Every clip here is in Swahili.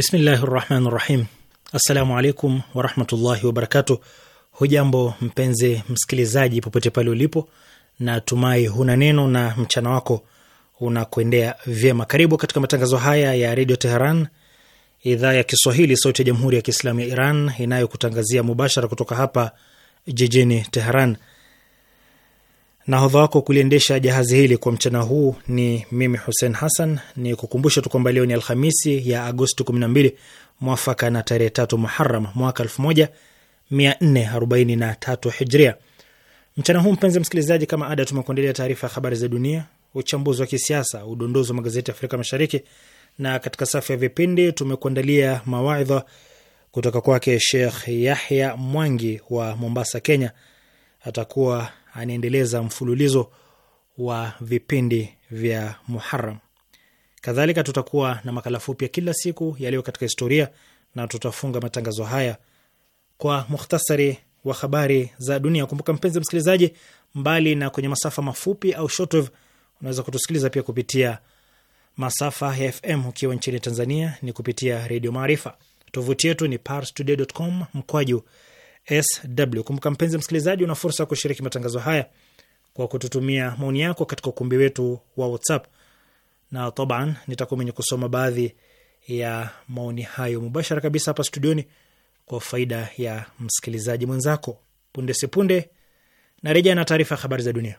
Bismillahi rahmani rahim. Assalamu alaikum warahmatullahi wabarakatu. Hujambo mpenzi msikilizaji, popote pale ulipo, na tumai huna neno na mchana wako unakuendea vyema. Karibu katika matangazo haya ya redio Teheran, idhaa ya Kiswahili, sauti ya jamhuri ya kiislamu ya Iran, inayokutangazia mubashara kutoka hapa jijini Teheran. Nahodha wako kuliendesha jahazi hili kwa mchana huu ni mimi Hussein Hassan. Ni kukumbusha tu kwamba leo ni Alhamisi ya Agosti 12 mwafaka na tarehe tatu Muharam mwaka 1443 Hijria. Mchana huu mpenzi msikilizaji, kama ada, tumekuandalia taarifa ya habari za dunia, uchambuzi wa kisiasa, udondozi wa magazeti ya Afrika Mashariki, na katika safu ya vipindi tumekuandalia mawaidha kutoka kwake Sheikh Yahya Mwangi wa Mombasa, Kenya. Atakuwa anaendeleza mfululizo wa vipindi vya muharam Kadhalika, tutakuwa na makala fupi ya kila siku yaliyo katika historia, na tutafunga matangazo haya kwa mukhtasari wa habari za dunia. Kumbuka mpenzi msikilizaji, mbali na kwenye masafa mafupi au shortwave, unaweza kutusikiliza pia kupitia masafa ya FM. Ukiwa nchini Tanzania ni kupitia Redio Maarifa. Tovuti yetu ni parstoday.com mkwaju sw. Kumbuka mpenzi msikilizaji, una fursa ya kushiriki matangazo haya kwa kututumia maoni yako katika ukumbi wetu wa WhatsApp na taban nitakuwa mwenye kusoma baadhi ya maoni hayo mubashara kabisa hapa studioni kwa faida ya msikilizaji mwenzako. Punde sipunde na reja na taarifa ya habari za dunia.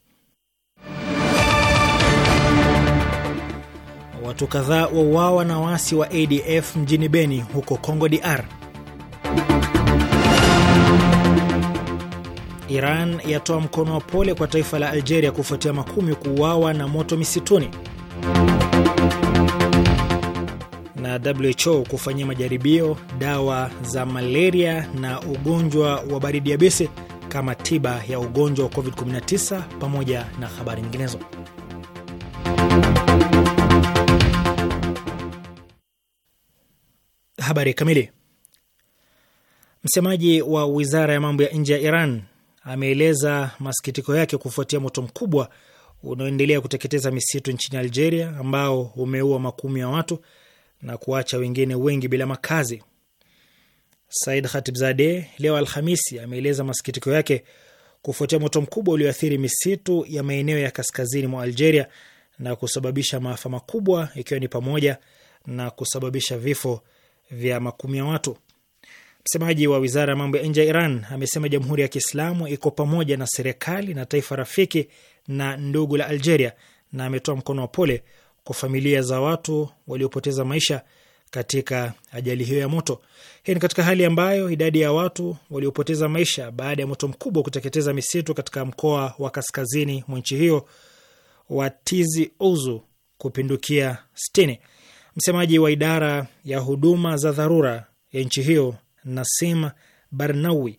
Watu kadhaa wauawa na waasi wa ADF mjini Beni huko Congo DR. Iran yatoa mkono wa pole kwa taifa la Algeria kufuatia makumi kuuawa na moto misituni. Na WHO kufanyia majaribio dawa za malaria na ugonjwa wa baridi yabisi kama tiba ya ugonjwa wa COVID-19 pamoja na habari nyinginezo. Habari kamili. Msemaji wa wizara ya mambo ya nje ya Iran ameeleza masikitiko yake kufuatia moto mkubwa unaoendelea kuteketeza misitu nchini Algeria ambao umeua makumi ya watu na kuacha wengine wengi bila makazi. Said khatibzade leo Alhamisi ameeleza masikitiko yake kufuatia moto mkubwa ulioathiri misitu ya maeneo ya kaskazini mwa Algeria na kusababisha maafa makubwa ikiwa ni pamoja na kusababisha vifo vya makumi ya watu. Msemaji wa wizara ya mambo ya nje ya Iran amesema jamhuri ya Kiislamu iko pamoja na serikali na taifa rafiki na ndugu la Algeria, na ametoa mkono wa pole kwa familia za watu waliopoteza maisha katika ajali hiyo ya moto. Hii ni katika hali ambayo idadi ya watu waliopoteza maisha baada ya moto mkubwa kuteketeza misitu katika mkoa wa kaskazini mwa nchi hiyo wa Tizi Ouzu kupindukia sitini. Msemaji wa idara ya huduma za dharura ya nchi hiyo Nasim Barnawi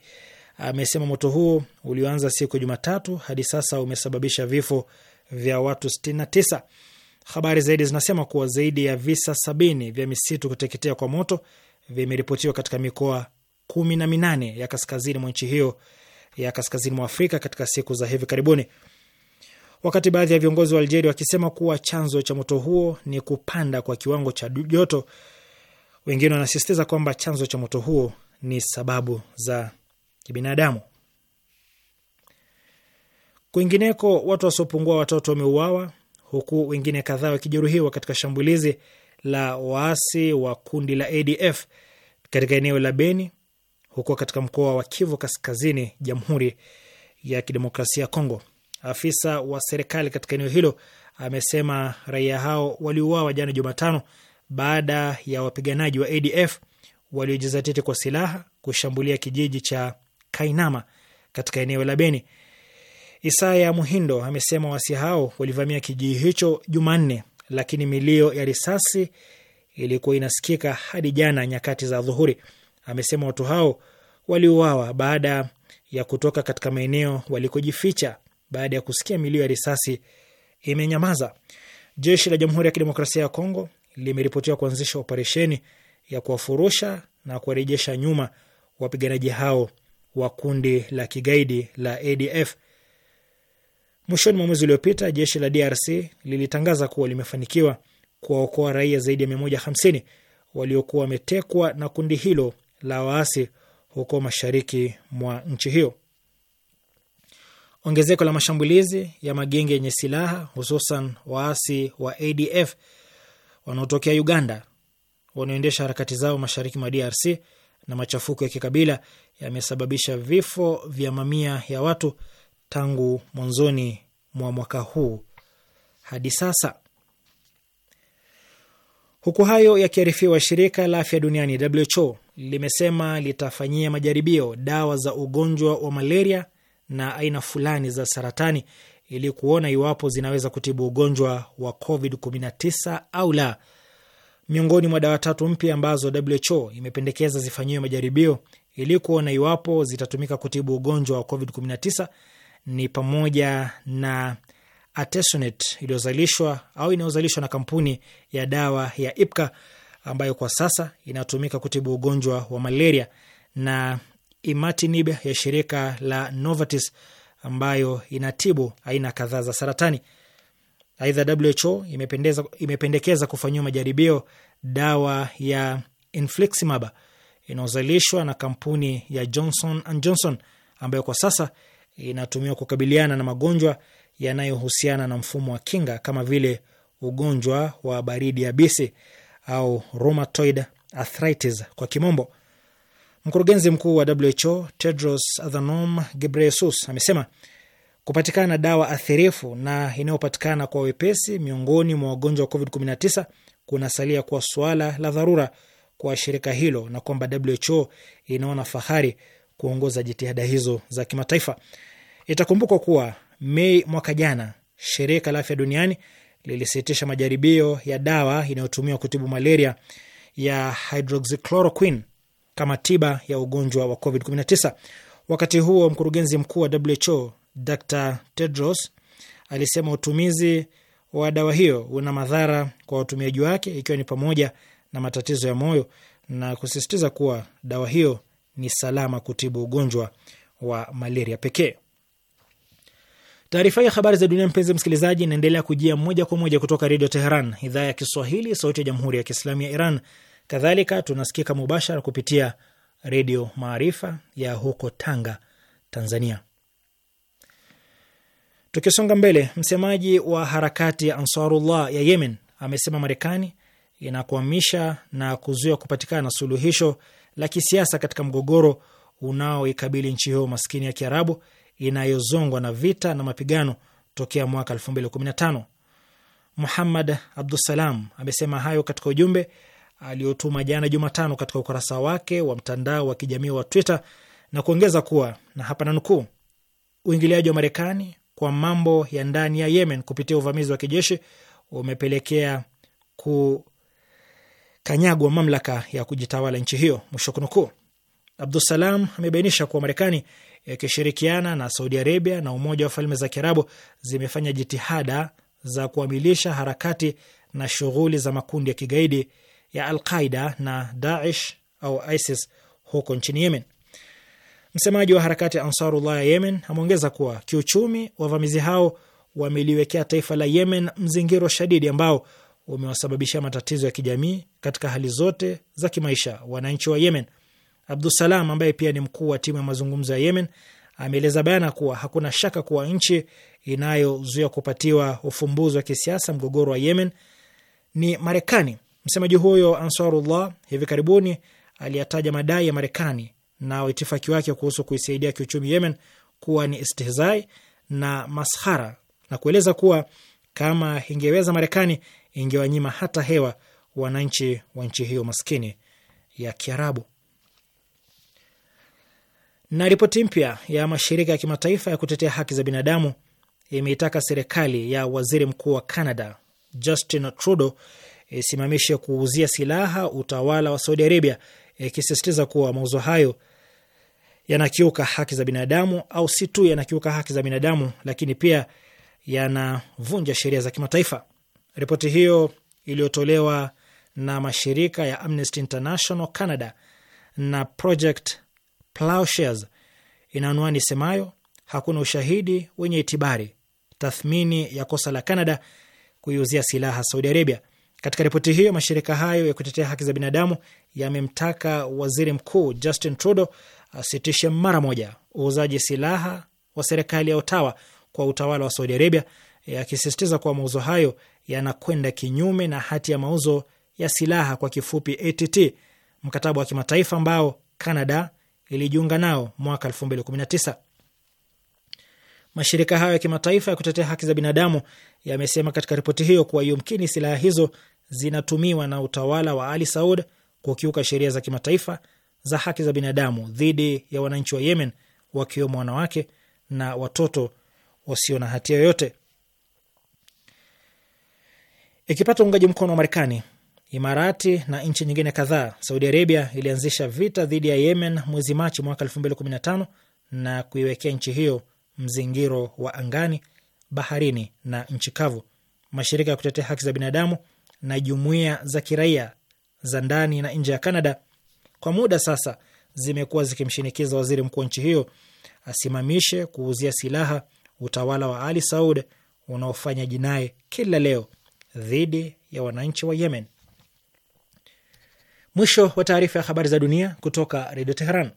amesema moto huo ulioanza siku ya Jumatatu hadi sasa umesababisha vifo vya watu 69. Habari zaidi zinasema kuwa zaidi ya visa sabini vya misitu kuteketea kwa moto vimeripotiwa katika mikoa kumi na minane ya kaskazini mwa nchi hiyo ya kaskazini mwa Afrika katika siku za hivi karibuni wakati baadhi ya viongozi wa Algeria wakisema kuwa chanzo cha moto huo ni kupanda kwa kiwango cha joto. Wengine wanasisitiza kwamba chanzo cha moto huo ni sababu za kibinadamu. Kwingineko, watu wasiopungua watoto wameuawa huku wengine kadhaa wakijeruhiwa katika shambulizi la waasi wa kundi la ADF katika eneo la Beni huko katika mkoa wa Kivu Kaskazini, Jamhuri ya Kidemokrasia ya Kongo. Afisa wa serikali katika eneo hilo amesema raia hao waliuawa jana Jumatano baada ya wapiganaji wa ADF waliojizatiti kwa silaha kushambulia kijiji cha Kainama katika eneo la Beni. Isaya Muhindo amesema waasi hao walivamia kijiji hicho Jumanne, lakini milio ya risasi ilikuwa inasikika hadi jana nyakati za dhuhuri. Amesema watu hao waliuawa baada ya kutoka katika maeneo walikojificha baada ya kusikia milio ya risasi imenyamaza. Jeshi la Jamhuri ya Kidemokrasia ya Kongo limeripotiwa kuanzisha operesheni ya kuwafurusha na kuwarejesha nyuma wapiganaji hao wa kundi la kigaidi la ADF. Mwishoni mwa mwezi uliopita, jeshi la DRC lilitangaza kuwa limefanikiwa kuwaokoa raia zaidi ya 150 waliokuwa wametekwa na kundi hilo la waasi huko mashariki mwa nchi hiyo. Ongezeko la mashambulizi ya magenge yenye silaha hususan waasi wa ADF wanaotokea Uganda wanaoendesha harakati zao mashariki mwa DRC na machafuko ya kikabila yamesababisha vifo vya mamia ya watu tangu mwanzoni mwa mwaka huu hadi sasa. Huku hayo yakiarifiwa, shirika la afya duniani WHO limesema litafanyia majaribio dawa za ugonjwa wa malaria na aina fulani za saratani ili kuona iwapo zinaweza kutibu ugonjwa wa COVID-19 au la. Miongoni mwa dawa tatu mpya ambazo WHO imependekeza zifanyiwe majaribio ili kuona iwapo zitatumika kutibu ugonjwa wa COVID-19 ni pamoja na artesunate iliyozalishwa au inayozalishwa na kampuni ya dawa ya Ipka ambayo kwa sasa inatumika kutibu ugonjwa wa malaria na imatinib ya shirika la Novartis ambayo inatibu aina kadhaa za saratani. Aidha, WHO imependekeza kufanyiwa majaribio dawa ya infliximab inayozalishwa na kampuni ya Johnson and Johnson ambayo kwa sasa inatumiwa kukabiliana na magonjwa yanayohusiana na mfumo wa kinga kama vile ugonjwa wa baridi yabisi au rheumatoid arthritis kwa kimombo. Mkurugenzi mkuu wa WHO Tedros Adhanom Ghebreyesus amesema kupatikana dawa athirifu na inayopatikana kwa wepesi miongoni mwa wagonjwa wa COVID-19 kunasalia kuwa suala la dharura kwa shirika hilo na kwamba WHO inaona fahari kuongoza jitihada hizo za kimataifa. Itakumbukwa kuwa Mei mwaka jana shirika la afya duniani lilisitisha majaribio ya dawa inayotumiwa kutibu malaria ya hydroxychloroquine kama tiba ya ugonjwa wa COVID-19. Wakati huo mkurugenzi mkuu wa WHO Dr Tedros alisema utumizi wa dawa hiyo una madhara kwa watumiaji wake, ikiwa ni pamoja na matatizo ya moyo na kusisitiza kuwa dawa hiyo ni salama kutibu ugonjwa wa malaria pekee. Taarifa ya habari za dunia, mpenzi msikilizaji, inaendelea kujia moja kwa moja kutoka Redio Teheran, idhaa ya Kiswahili, sauti ya jamhuri ya kiislamu ya Iran. Kadhalika tunasikika mubashara kupitia Redio Maarifa ya huko Tanga, Tanzania. Tukisonga mbele, msemaji wa harakati ya Ansarullah ya Yemen amesema Marekani inakwamisha na kuzuia kupatikana suluhisho la kisiasa katika mgogoro unaoikabili nchi hiyo maskini ya Kiarabu inayozongwa na vita na mapigano tokea mwaka 2015. Muhammad Abdusalam amesema hayo katika ujumbe aliyotuma jana Jumatano katika ukurasa wake wa mtandao wa kijamii wa Twitter na kuongeza kuwa na hapa nanukuu, uingiliaji wa Marekani kwa mambo ya ndani ya Yemen kupitia uvamizi wa kijeshi umepelekea kukanyagwa mamlaka ya kujitawala nchi hiyo, mwisho kunukuu. Abdusalam amebainisha kuwa Marekani yakishirikiana na Saudi Arabia na Umoja wa Falme za Kiarabu zimefanya jitihada za kuamilisha harakati na shughuli za makundi ya kigaidi ya Alqaida na Daesh au ISIS huko nchini Yemen. Msemaji wa harakati ya Ansarullah ya Yemen ameongeza kuwa kiuchumi, wavamizi hao wameliwekea taifa la Yemen mzingiro shadidi ambao umewasababishia matatizo ya kijamii katika hali zote za kimaisha wananchi wa Yemen. Abdusalam ambaye pia ni mkuu wa timu ya mazungumzo ya Yemen ameeleza bayana kuwa hakuna shaka kuwa nchi inayozuia kupatiwa ufumbuzi wa kisiasa mgogoro wa Yemen ni Marekani Msemaji huyo Ansarullah hivi karibuni aliyataja madai ya Marekani na waitifaki wake kuhusu kuisaidia kiuchumi Yemen kuwa ni istihzai na maskhara na kueleza kuwa kama ingeweza Marekani ingewanyima hata hewa wananchi wa nchi hiyo maskini ya Kiarabu. Na ripoti mpya ya mashirika ya kimataifa ya kutetea haki za binadamu imeitaka serikali ya waziri mkuu wa Canada Justin Trudeau isimamishe kuuzia silaha utawala wa Saudi Arabia, ikisisitiza kuwa mauzo hayo yanakiuka haki za binadamu, au si tu yanakiuka haki za binadamu, lakini pia yanavunja sheria za kimataifa. Ripoti hiyo iliyotolewa na mashirika ya Amnesty International Canada na Project Plowshares ina anwani semayo hakuna ushahidi wenye itibari, tathmini ya kosa la Canada kuiuzia silaha Saudi Arabia. Katika ripoti hiyo, mashirika hayo ya kutetea haki za binadamu yamemtaka waziri mkuu Justin Trudeau asitishe mara moja uuzaji silaha wa serikali ya Ottawa kwa utawala wa Saudi Arabia, yakisisitiza kuwa mauzo hayo yanakwenda kinyume na hati ya mauzo ya silaha kwa kifupi ATT, mkataba wa kimataifa ambao Canada ilijiunga nao mwaka 2019. Mashirika hayo ya kimataifa ya kutetea haki za binadamu yamesema katika ripoti hiyo kuwa yumkini silaha hizo zinatumiwa na utawala wa Ali Saud kukiuka sheria za kimataifa za haki za binadamu dhidi ya wananchi wa Yemen, wakiwemo wanawake na watoto wasio na hatia yoyote. Ikipata uungaji mkono wa Marekani, Imarati na nchi nyingine kadhaa, Saudi Arabia ilianzisha vita dhidi ya Yemen mwezi Machi mwaka 2015 na kuiwekea nchi hiyo mzingiro wa angani, baharini na nchi kavu. Mashirika ya kutetea haki za binadamu na jumuiya za kiraia za ndani na nje ya Canada kwa muda sasa zimekuwa zikimshinikiza waziri mkuu wa nchi hiyo asimamishe kuuzia silaha utawala wa Ali Saud unaofanya jinai kila leo dhidi ya wananchi wa Yemen. Mwisho wa taarifa ya habari za dunia kutoka Redio Teheran.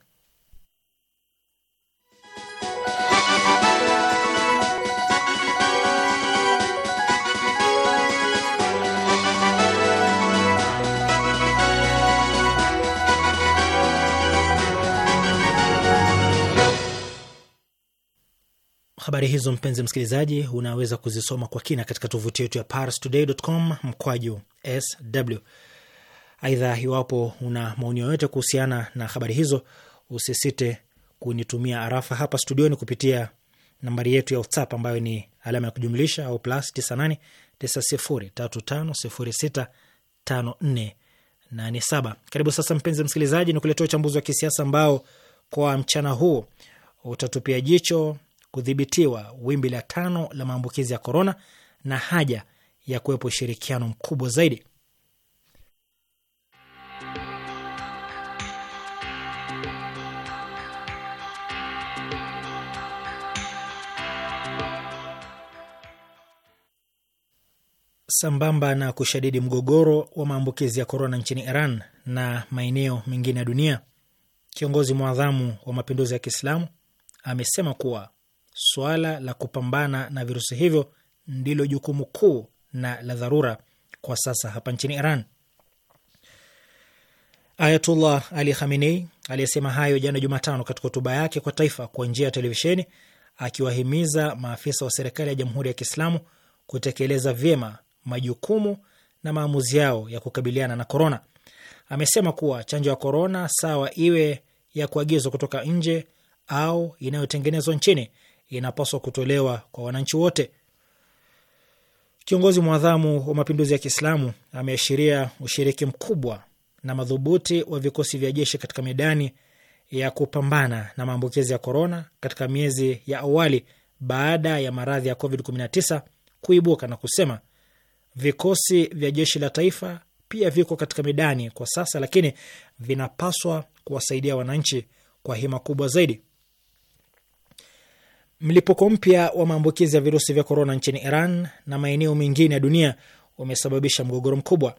Habari hizo mpenzi msikilizaji, unaweza kuzisoma kwa kina katika tovuti yetu ya parstoday.com mkwaju sw. Aidha, iwapo una maoni yoyote kuhusiana na habari hizo, usisite kunitumia arafa hapa studioni kupitia nambari yetu ya WhatsApp ambayo ni alama ya kujumlisha au plus 98 Karibu sasa, mpenzi msikilizaji, ni kuletea uchambuzi wa kisiasa ambao kwa mchana huu utatupia jicho kudhibitiwa wimbi la tano la maambukizi ya korona na haja ya kuwepo ushirikiano mkubwa zaidi. Sambamba na kushadidi mgogoro wa maambukizi ya korona nchini Iran na maeneo mengine ya dunia, kiongozi mwadhamu wa mapinduzi ya Kiislamu amesema kuwa suala la kupambana na virusi hivyo ndilo jukumu kuu na la dharura kwa sasa hapa nchini Iran. Ayatullah Ali Khamenei aliyesema hayo jana Jumatano katika hotuba yake kwa taifa kwa njia ya televisheni, akiwahimiza maafisa wa serikali ya Jamhuri ya Kiislamu kutekeleza vyema majukumu na maamuzi yao ya kukabiliana na korona. Amesema kuwa chanjo ya korona, sawa iwe ya kuagizwa kutoka nje au inayotengenezwa nchini, inapaswa kutolewa kwa wananchi wote. Kiongozi mwadhamu wa mapinduzi ya Kiislamu ameashiria ushiriki mkubwa na madhubuti wa vikosi vya jeshi katika medani ya kupambana na maambukizi ya korona katika miezi ya awali baada ya maradhi ya COVID-19 kuibuka na kusema vikosi vya jeshi la taifa pia viko katika medani kwa sasa, lakini vinapaswa kuwasaidia wananchi kwa hima kubwa zaidi. Mlipuko mpya wa maambukizi ya virusi vya korona nchini Iran na maeneo mengine ya dunia umesababisha mgogoro mkubwa.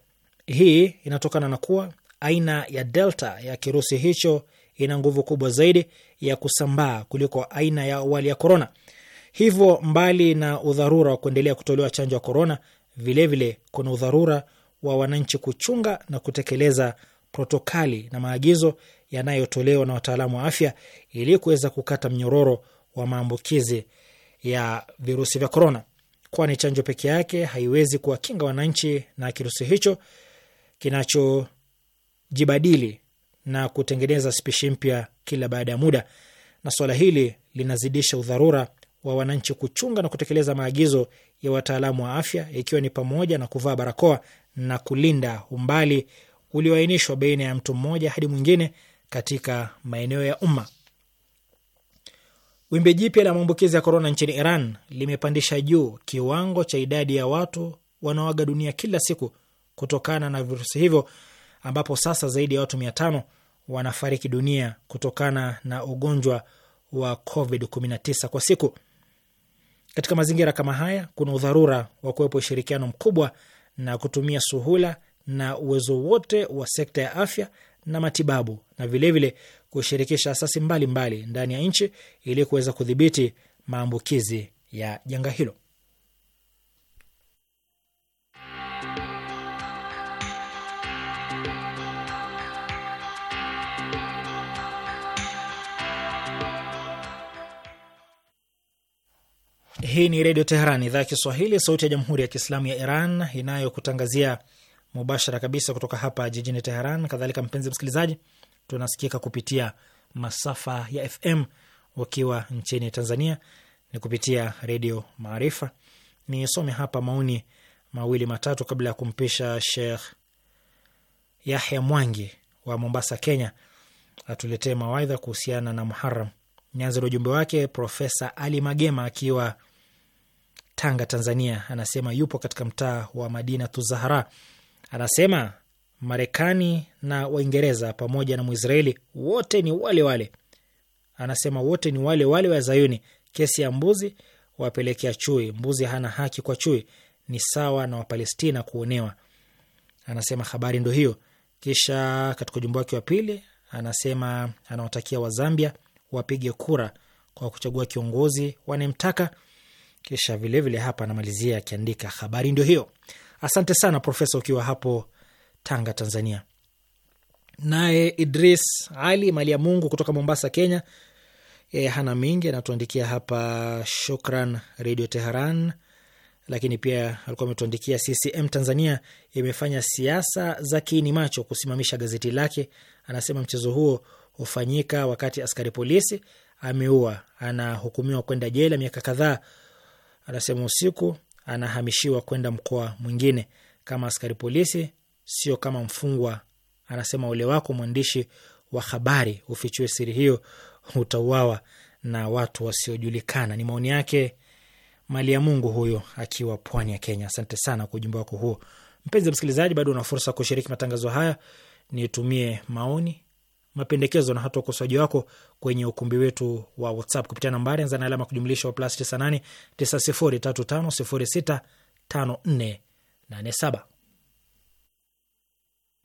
Hii inatokana na kuwa aina ya delta ya kirusi hicho ina nguvu kubwa zaidi ya kusambaa kuliko aina ya awali ya korona. Hivyo, mbali na udharura wa kuendelea kutolewa chanjo ya korona, vilevile kuna udharura wa wananchi kuchunga na kutekeleza protokali na maagizo yanayotolewa na wataalamu wa afya ili kuweza kukata mnyororo wa maambukizi ya virusi vya korona, kwani chanjo peke yake haiwezi kuwakinga wananchi na kirusi hicho kinachojibadili na kutengeneza spishi mpya kila baada ya muda, na swala hili linazidisha udharura wa wananchi kuchunga na kutekeleza maagizo ya wataalamu wa afya, ikiwa ni pamoja na kuvaa barakoa na kulinda umbali ulioainishwa baina ya mtu mmoja hadi mwingine katika maeneo ya umma. Wimbi jipya la maambukizi ya korona nchini Iran limepandisha juu kiwango cha idadi ya watu wanaoaga dunia kila siku kutokana na virusi hivyo, ambapo sasa zaidi ya watu mia tano wanafariki dunia kutokana na ugonjwa wa COVID-19 kwa siku. Katika mazingira kama haya, kuna udharura wa kuwepo ushirikiano mkubwa na kutumia suhula na uwezo wote wa sekta ya afya na matibabu na vilevile kushirikisha asasi mbalimbali mbali ndani ya nchi ili kuweza kudhibiti maambukizi ya janga hilo. Hii ni Redio Teheran, idhaa ya Kiswahili, sauti ya Jamhuri ya Kiislamu ya Iran, inayokutangazia mubashara kabisa kutoka hapa jijini Teheran. Kadhalika mpenzi msikilizaji tunasikika kupitia masafa ya FM wakiwa nchini Tanzania ni kupitia Redio Maarifa. Nisome hapa maoni mawili matatu kabla ya kumpisha Sheikh Yahya Mwangi wa Mombasa, Kenya, atuletee mawaidha kuhusiana na Muharam. Nianze na ujumbe wake Profesa Ali Magema akiwa Tanga, Tanzania, anasema yupo katika mtaa wa Madina Tuzahara, anasema Marekani na Waingereza pamoja na Mwisraeli wote ni wale wale, anasema wote ni wale wale wa Zayuni. Kesi ya mbuzi wapelekea chui, mbuzi hana haki kwa chui, ni sawa na Wapalestina kuonewa. Anasema habari ndo hiyo. Kisha katika ujumbe wake wa pili anasema anawatakia Wazambia wapige kura kwa kuchagua kiongozi wanayemtaka. Kisha vilevile vile hapa anamalizia akiandika habari ndio hiyo. Asante sana Profesa ukiwa hapo Tanga, Tanzania. Naye Idris Ali Mali ya Mungu kutoka Mombasa, Kenya, e, hana mingi, anatuandikia hapa shukran Radio Teheran. Lakini pia alikuwa ametuandikia CCM Tanzania imefanya siasa za kiini macho kusimamisha gazeti lake. Anasema mchezo huo hufanyika wakati askari polisi ameua, anahukumiwa kwenda jela miaka kadhaa. Anasema usiku anahamishiwa kwenda mkoa mwingine. Kama askari polisi sio kama mfungwa. Anasema ole wako mwandishi wa habari, ufichue siri hiyo, utauawa na watu wasiojulikana. Ni maoni yake mali ya Mungu huyo akiwa pwani ya Kenya. Asante sana kwa ujumbe wako huo. Mpenzi msikilizaji, bado una fursa kushiriki matangazo haya, nitumie maoni, mapendekezo na hata ukosoaji wako kwenye ukumbi wetu wa WhatsApp kupitia nambari anza na alama kujumlisha wa plus 98 9035065487.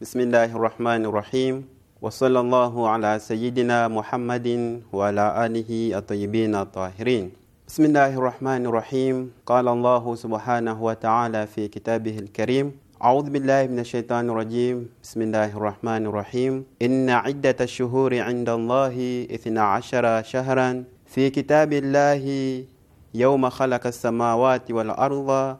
بسم الله الرحمن الرحيم وصلى الله على سيدنا محمد وعلى آله الطيبين الطاهرين بسم الله الرحمن الرحيم قال الله سبحانه وتعالى في كتابه الكريم أعوذ بالله من الشيطان الرجيم بسم الله الرحمن الرحيم إن عدة الشهور عند الله إثنى عشر شهرا في كتاب الله يوم خلق السماوات والأرض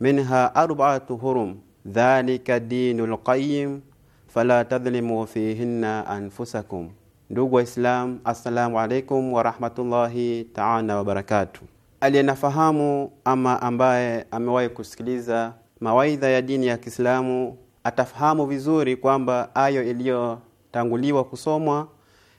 منها أربعة هرم dhalika dinul qayyim fala tadhlimu fihinna anfusakum. Ndugu Waislam, assalamu alaikum warahmatullahi taala wabarakatuh. Aliyenafahamu ama ambaye amewahi kusikiliza mawaidha ya dini ya Kiislamu atafahamu vizuri kwamba ayo iliyotanguliwa kusomwa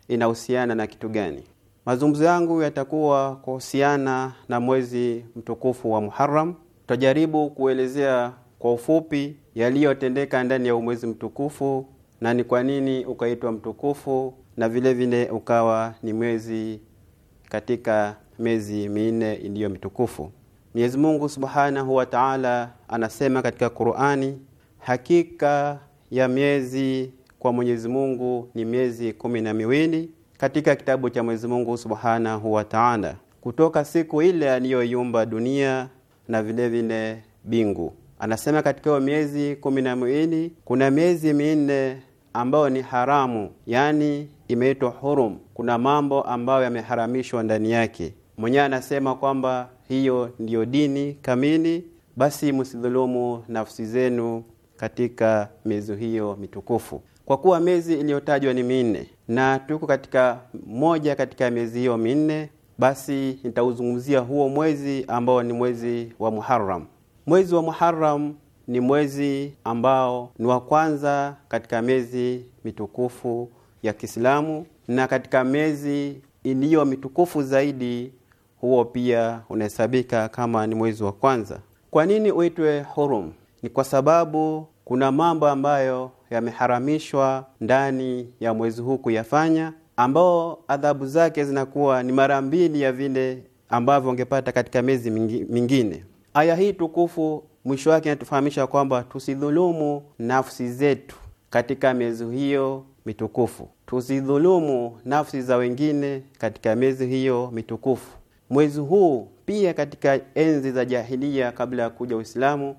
inahusiana na kitu gani. Mazungumzo yangu yatakuwa kuhusiana na mwezi mtukufu wa Muharram. Tutajaribu kuelezea kwa ufupi, yaliyotendeka ndani ya umwezi mtukufu na ni kwa nini ukaitwa mtukufu na vile vile ukawa ni mwezi katika miezi minne iliyo mitukufu. Mwenyezi Mungu Subhanahu wa Ta'ala anasema katika Qur'ani, hakika ya miezi kwa Mwenyezi Mungu ni miezi kumi na miwili katika kitabu cha Mwenyezi Mungu Subhanahu wa Ta'ala, kutoka siku ile aliyoiumba dunia na vile vile bingu. Anasema katika hiyo miezi kumi na miwili kuna miezi minne ambayo ni haramu, yaani imeitwa hurum. Kuna mambo ambayo yameharamishwa ndani yake. Mwenyewe anasema kwamba hiyo ndiyo dini kamili, basi msidhulumu nafsi zenu katika miezi hiyo mitukufu, kwa kuwa miezi iliyotajwa ni minne na tuko katika moja katika miezi hiyo minne. Basi nitauzungumzia huo mwezi ambao ni mwezi wa Muharram. Mwezi wa Muharram ni mwezi ambao ni wa kwanza katika miezi mitukufu ya Kiislamu, na katika miezi iliyo mitukufu zaidi, huo pia unahesabika kama ni mwezi wa kwanza. Kwa nini uitwe hurum? Ni kwa sababu kuna mambo ambayo yameharamishwa ndani ya mwezi huu kuyafanya, ambao adhabu zake zinakuwa ni mara mbili ya vile ambavyo ungepata katika miezi mingine. Aya hii tukufu mwisho wake inatufahamisha kwamba tusidhulumu nafsi zetu katika miezi hiyo mitukufu, tusidhulumu nafsi za wengine katika miezi hiyo mitukufu. Mwezi huu pia, katika enzi za jahilia, kabla ya kuja Uislamu,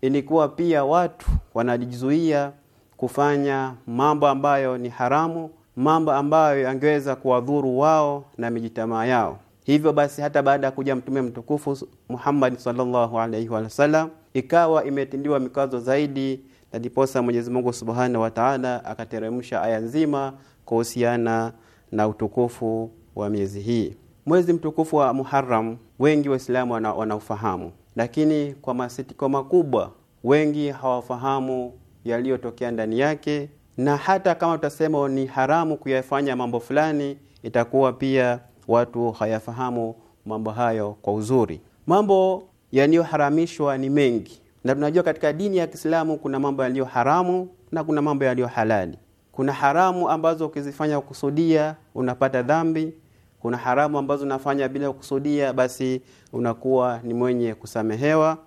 ilikuwa pia watu wanajizuia kufanya mambo ambayo ni haramu, mambo ambayo yangeweza kuwadhuru wao na mijitamaa yao. Hivyo basi hata baada ya kuja mtume mtukufu Muhammad sallallahu alaihi wasallam ikawa imetindiwa mikazo zaidi, na ndiposa Mwenyezi Mungu subhanahu wa taala akateremsha aya nzima kuhusiana na utukufu wa miezi hii. Mwezi mtukufu wa Muharram wengi Waislamu wanaufahamu wana, lakini kwa masitiko makubwa wengi hawafahamu yaliyotokea ndani yake, na hata kama tutasema ni haramu kuyafanya mambo fulani, itakuwa pia watu hayafahamu mambo hayo kwa uzuri. Mambo yaliyoharamishwa ni mengi, na tunajua katika dini ya Kiislamu kuna mambo yaliyo haramu na kuna mambo yaliyo halali. Kuna haramu ambazo ukizifanya kusudia unapata dhambi. Kuna haramu ambazo unafanya bila kusudia, basi unakuwa ni mwenye kusamehewa,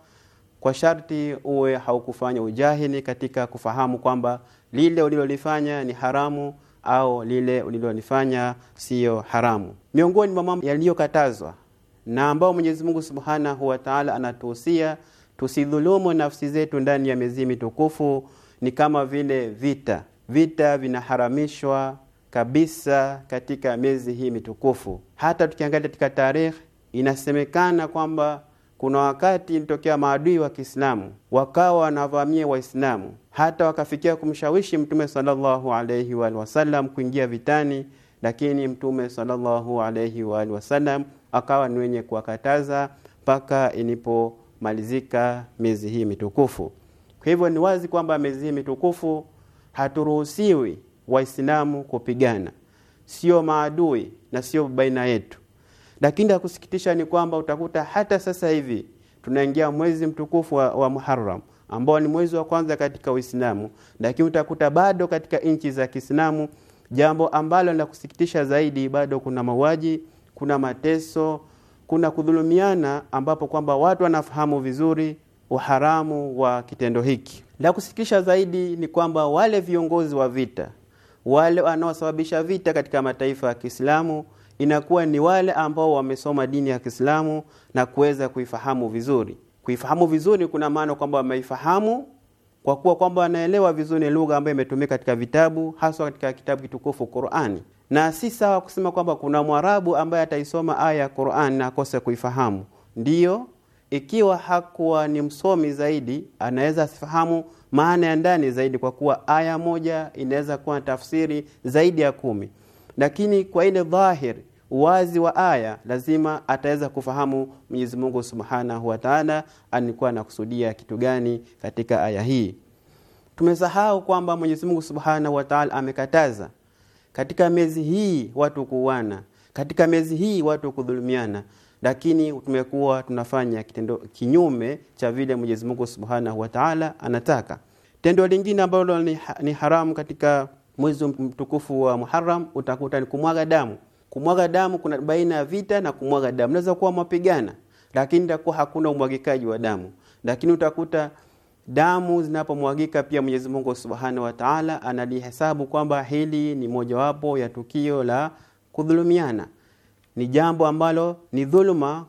kwa sharti uwe haukufanya ujahili katika kufahamu kwamba lile ulilolifanya ni haramu au lile ulilolifanya siyo haramu. Miongoni mwa mambo yaliyokatazwa na ambao Mwenyezi Mungu Subhanahu wa Ta'ala anatuhusia tusidhulumu nafsi zetu ndani ya miezi mitukufu ni kama vile vita. Vita vinaharamishwa kabisa katika miezi hii mitukufu. Hata tukiangalia katika tarehe, inasemekana kwamba kuna wakati ilitokea maadui wa Kiislamu wakawa wanavamia Waislamu, hata wakafikia kumshawishi Mtume sallallahu alayhi wa wasallam kuingia vitani, lakini Mtume sallallahu alayhi wa wasallam akawa ni wenye kuwakataza mpaka inipomalizika miezi hii mitukufu. Kwa hivyo ni wazi kwamba miezi hii mitukufu haturuhusiwi Waislamu kupigana, sio maadui na sio baina yetu lakini la kusikitisha ni kwamba utakuta hata sasa hivi tunaingia mwezi mtukufu wa, wa Muharram ambao ni mwezi wa kwanza katika Uislamu, lakini utakuta bado katika nchi za Kiislamu, jambo ambalo la kusikitisha zaidi, bado kuna mauaji, kuna mateso, kuna kudhulumiana, ambapo kwamba watu wanafahamu vizuri uharamu wa kitendo hiki. La kusikitisha zaidi ni kwamba wale viongozi wa vita, wale wanaosababisha vita katika mataifa ya Kiislamu inakuwa ni wale ambao wamesoma dini ya Kiislamu na kuweza kuifahamu vizuri. Kuifahamu vizuri kuna maana kwamba wameifahamu kwa kuwa kwamba wanaelewa vizuri lugha ambayo imetumika katika vitabu, haswa katika kitabu kitukufu Qur'ani. Na si sawa kusema kwamba kuna Mwarabu ambaye ataisoma aya ya Qur'ani na akose kuifahamu. Ndiyo, ikiwa hakuwa ni msomi zaidi, anaweza asifahamu maana ya ndani zaidi, kwa kuwa aya moja inaweza kuwa na tafsiri zaidi ya kumi lakini kwa ile dhahir wazi wa aya lazima ataweza kufahamu Mwenyezi Mungu Subhanahu wa Ta'ala alikuwa anakusudia kitu gani katika aya hii. Tumesahau kwamba Mwenyezi Mungu Subhanahu wa Ta'ala amekataza katika mezi hii watu kuuana, katika mezi hii watu kudhulumiana, lakini tumekuwa tunafanya kitendo kinyume cha vile Mwenyezi Mungu Subhanahu wa Ta'ala anataka. Tendo lingine ambalo ni, ni haramu katika mwezi mtukufu wa Muharram utakuta ni kumwaga damu. Kumwaga damu kuna baina ya vita na kumwaga damu, naweza kuwa mapigana, lakini itakuwa hakuna umwagikaji wa damu. Lakini utakuta damu zinapomwagika, pia Mwenyezi Mungu Subhanahu wa Ta'ala analihesabu kwamba hili ni mojawapo ya tukio la kudhulumiana, ni jambo ambalo ni dhuluma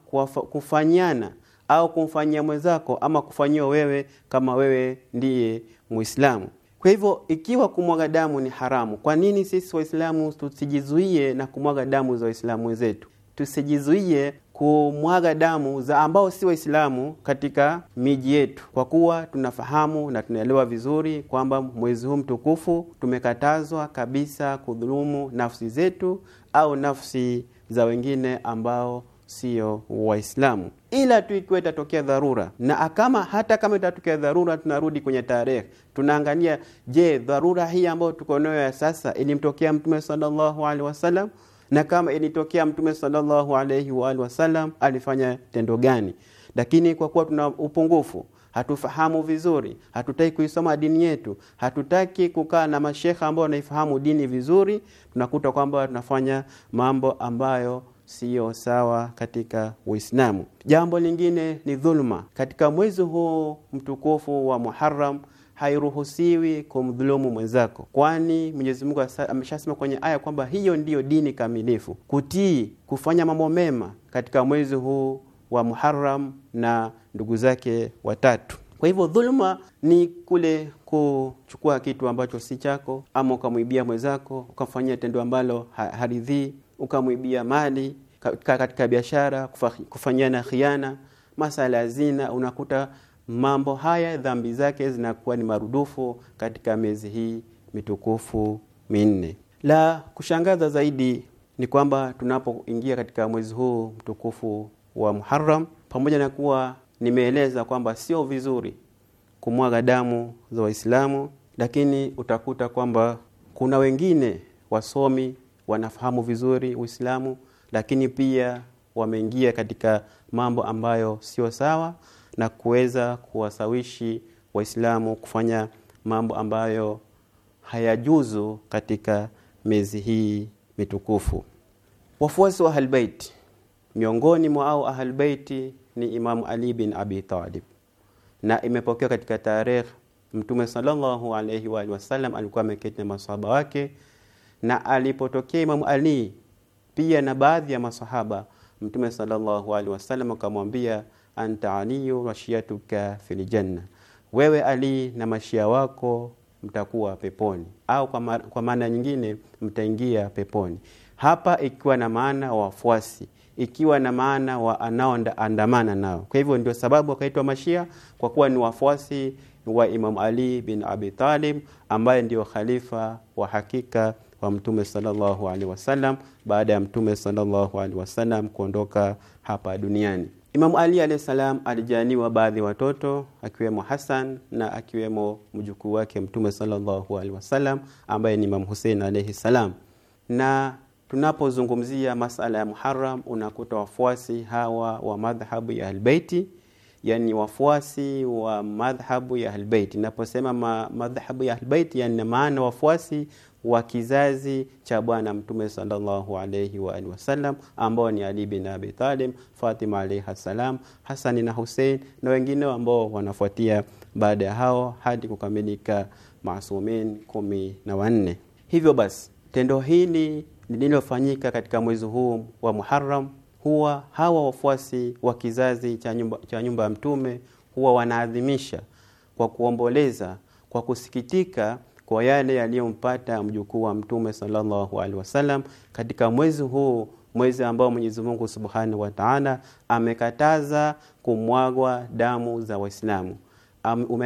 kufanyana au kumfanyia mwenzako ama kufanyiwa wewe, kama wewe ndiye Muislamu. Kwa hivyo ikiwa kumwaga damu ni haramu, kwa nini sisi Waislamu tusijizuie na kumwaga damu za Waislamu wenzetu? Tusijizuie kumwaga damu za ambao si Waislamu katika miji yetu, kwa kuwa tunafahamu na tunaelewa vizuri kwamba mwezi huu mtukufu tumekatazwa kabisa kudhulumu nafsi zetu au nafsi za wengine ambao sio Waislamu, ila tu ikiwa itatokea dharura. Na akama. hata kama itatokea dharura, tunarudi kwenye tarehe, tunaangalia, je, dharura hii ambayo tuko nayo ya sasa ilimtokea Mtume sallallahu alaihi wasallam? Na kama ilitokea Mtume sallallahu alaihi wa wasallam, alifanya tendo gani? Lakini kwa kuwa tuna upungufu hatufahamu vizuri, hatutaki kuisoma dini yetu, hatutaki kukaa na mashekha ambao wanaifahamu dini vizuri, tunakuta kwamba tunafanya mambo ambayo siyo sawa katika Uislamu. Jambo lingine ni dhuluma. Katika mwezi huu mtukufu wa Muharram hairuhusiwi kumdhulumu mwenzako, kwani Mwenyezi Mungu ameshasema kwenye aya kwamba hiyo ndiyo dini kamilifu, kutii, kufanya mambo mema katika mwezi huu wa Muharram na ndugu zake watatu. Kwa hivyo dhuluma ni kule kuchukua kitu ambacho si chako, ama ukamwibia mwenzako, ukamfanyia tendo ambalo haridhii ukamwibia mali katika biashara, kufanyana khiana, masala ya zina. Unakuta mambo haya dhambi zake zinakuwa ni marudufu katika miezi hii mitukufu minne. La kushangaza zaidi ni kwamba tunapoingia katika mwezi huu mtukufu wa Muharram, pamoja na kuwa nimeeleza kwamba sio vizuri kumwaga damu za Waislamu, lakini utakuta kwamba kuna wengine wasomi wanafahamu vizuri Uislamu, lakini pia wameingia katika mambo ambayo sio sawa na kuweza kuwasawishi Waislamu kufanya mambo ambayo hayajuzu katika miezi hii mitukufu. Wafuasi wa ahlbeiti miongoni mwa au Ahlulbeiti ni Imamu Ali bin Abi Talib, na imepokewa katika tarehe Mtume sallallahu alayhi wa alihi wasallam alikuwa ameketi na masahaba wake na alipotokea Imamu Ali pia na baadhi ya masahaba, Mtume sallallahu alaihi wasallam akamwambia anta aliyu washiatuka fil janna, wewe Ali na mashia wako mtakuwa peponi, au kwa maana nyingine mtaingia peponi. Hapa ikiwa na maana wafuasi ikiwa na maana wa anaoandamana nao. Kwa hivyo ndio sababu wakaitwa Mashia, kwa kuwa ni wafuasi wa Imam Ali bin Abi Talib ambaye ndio khalifa wa hakika wa Mtume sallallahu alaihi wasallam baada ya Mtume sallallahu alaihi wasallam kuondoka hapa duniani. Imamu Ali alayhi salam alijaniwa baadhi watoto akiwemo Hasan na akiwemo mjukuu wake Mtume sallallahu alaihi wasallam ambaye ni Imamu Hussein alayhi salam. Na tunapozungumzia masala ya Muharram unakuta wafuasi hawa wa madhhabu ya Albeiti yani wafuasi wa madhhabu ya Ahlbeiti. Naposema ma madhhabu ya Ahlbeiti, yani maana wafuasi wa kizazi cha Bwana Mtume sallallahu alayhi wa alihi wasallam ambao ni Ali bin Abi Talib, Fatima alayha salam, Hasani na Hussein na wengineo ambao wanafuatia baada ya hao hadi kukamilika masumin kumi na wanne. Hivyo basi tendo hili lililofanyika katika mwezi huu wa Muharram huwa hawa wafuasi wa kizazi cha nyumba, cha nyumba ya Mtume huwa wanaadhimisha kwa kuomboleza, kwa kusikitika kwa yale yaliyompata mjukuu wa Mtume sallallahu alaihi wasallam katika mwezi huu, mwezi ambao Mwenyezi Mungu Subhanahu wa Ta'ala amekataza kumwagwa damu za Waislamu,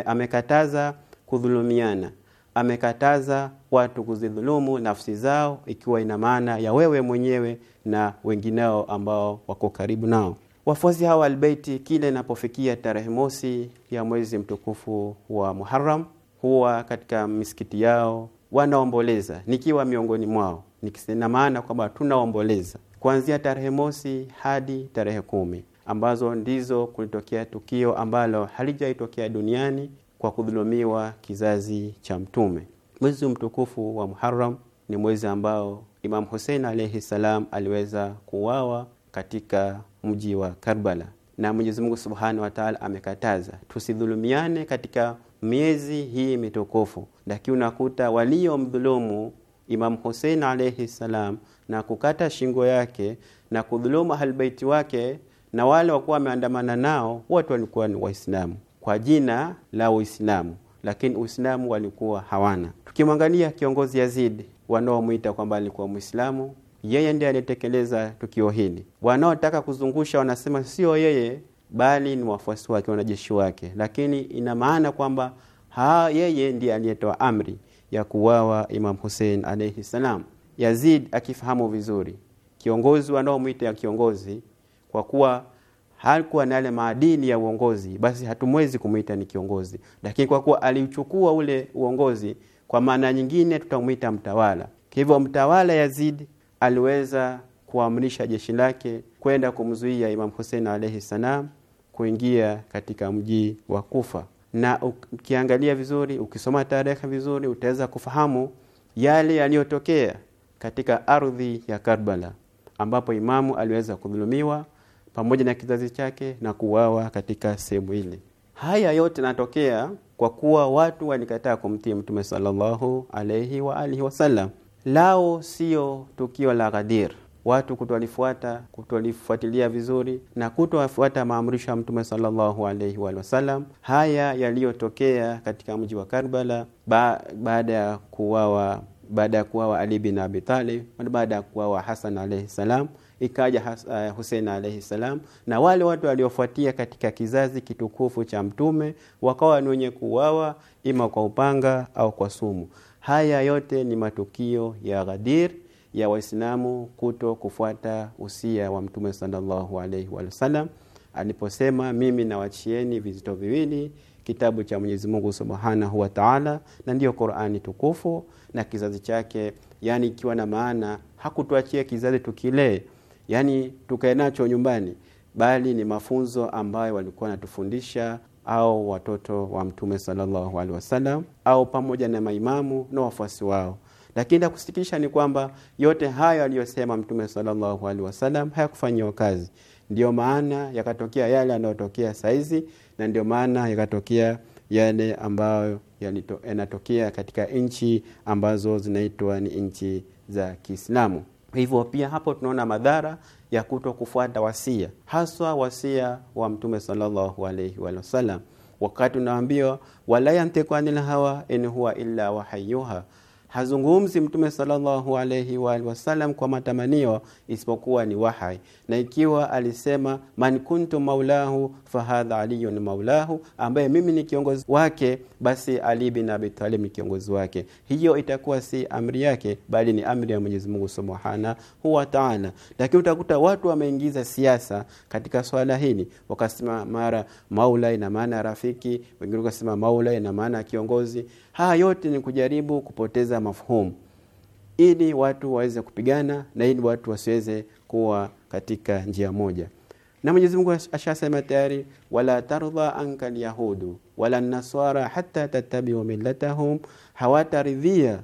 amekataza kudhulumiana, amekataza watu kuzidhulumu nafsi zao, ikiwa ina maana ya wewe mwenyewe na wengineo ambao wako karibu nao. Wafuasi hawa Albeiti, kila inapofikia tarehe mosi ya mwezi mtukufu wa Muharram huwa katika misikiti yao wanaomboleza, nikiwa miongoni mwao, na maana kwamba tunaomboleza kuanzia tarehe mosi hadi tarehe kumi ambazo ndizo kulitokea tukio ambalo halijaitokea duniani kwa kudhulumiwa kizazi cha Mtume. Mwezi mtukufu wa Muharram ni mwezi ambao Imam husein alaihi salam aliweza kuuawa katika mji wa Karbala, na Mwenyezi Mungu Subhanahu wa Ta'ala amekataza tusidhulumiane katika miezi hii mitukufu, lakini unakuta waliomdhulumu Imam Hussein alayhi salam na kukata shingo yake na kudhulumu ahlbeiti wake na wale wakuwa wameandamana nao, watu walikuwa ni Waislamu kwa jina la Uislamu, lakini Uislamu walikuwa hawana. Tukimwangalia kiongozi Yazid wanaomwita kwamba alikuwa Mwislamu, yeye ndiye alitekeleza tukio hili. Wanaotaka kuzungusha wanasema sio yeye, bali ni wafuasi wake, wanajeshi wake, lakini ina maana kwamba yeye ndiye aliyetoa amri ya kuwawa Imam Hussein alayhi salam. Yazid akifahamu vizuri kiongozi wanaomwita kiongozi, kwa kuwa hakuwa na yale maadili ya uongozi, basi hatumwezi kumwita ni kiongozi. Lakini kwa kuwa aliuchukua ule uongozi, kwa maana nyingine tutamwita mtawala. Kwa hivyo mtawala Yazid aliweza kuamrisha jeshi lake kwenda kumzuia Imam Hussein alayhi salam kuingia katika mji wa Kufa. Na ukiangalia vizuri, ukisoma tarehe vizuri, utaweza kufahamu yale yaliyotokea katika ardhi ya Karbala ambapo imamu aliweza kudhulumiwa pamoja na kizazi chake na kuuawa katika sehemu ile. Haya yote yanatokea kwa kuwa watu walikataa kumtii Mtume sallallahu alaihi wa alihi wasallam. Lao sio tukio la Ghadir, watu kutwalifuata kutwalifuatilia vizuri na kutowafuata maamrisho ya Mtume sallallahu alaihi sallam. Haya yaliyotokea katika mji wa Karbala ba, baada ya kuwawa baada ya kuwawa Ali bin Abi Talib, baada ya kuwawa Hasan alaihi salam, ikaja has, eh, Husein alaihi salam, na wale watu waliofuatia katika kizazi kitukufu cha Mtume wakawa ni wenye kuwawa ima kwa upanga au kwa sumu. Haya yote ni matukio ya Ghadir ya Waislamu kuto kufuata usia wa Mtume sallallahu alaihi sallam aliposema, mimi nawachieni vizito viwili, kitabu cha Mwenyezi Mungu subhanahu wa taala na ndiyo Qurani tukufu na kizazi chake, yani ikiwa na maana hakutuachia kizazi tukilee, yani tukae nacho nyumbani, bali ni mafunzo ambayo walikuwa wanatufundisha au watoto wa Mtume sallallahu alaihi wasallam au pamoja na maimamu na wafuasi wao. Lakini la kusikitisha ni kwamba yote hayo aliyosema Mtume sallallahu alaihi wasallam hayakufanyiwa kazi, ndiyo maana yakatokea yale yanayotokea saizi, na ndiyo maana yakatokea yale ambayo yanatokea katika nchi ambazo zinaitwa ni nchi za Kiislamu. Hivyo pia hapo tunaona madhara ya kuto kufuata wasia, haswa wasia wa Mtume sallallahu alaihi wasallam, wakati unaambiwa wala yantiku anil hawa in huwa illa wahayuha hazungumzi mtume sallallahu alaihi wa alihi wasallam kwa matamanio isipokuwa ni wahai na ikiwa alisema man kuntu maulahu fahadha aliyun maulahu ambaye mimi ni kiongozi wake basi ali bin abi talib ni kiongozi wake hiyo itakuwa si amri yake bali ni amri ya Mwenyezi Mungu Subhanahu wa Ta'ala lakini utakuta watu wameingiza siasa katika swala hili wakasema mara maula ina maana rafiki wengine wakasema maula ina maana kiongozi Haya yote ni kujaribu kupoteza mafhumu ili watu waweze kupigana na ili watu wasiweze kuwa katika njia moja. Na Mwenyezi Mungu ashasema tayari, wala tardha anka alyahudu wala naswara hata tattabiu millatahum, hawataridhia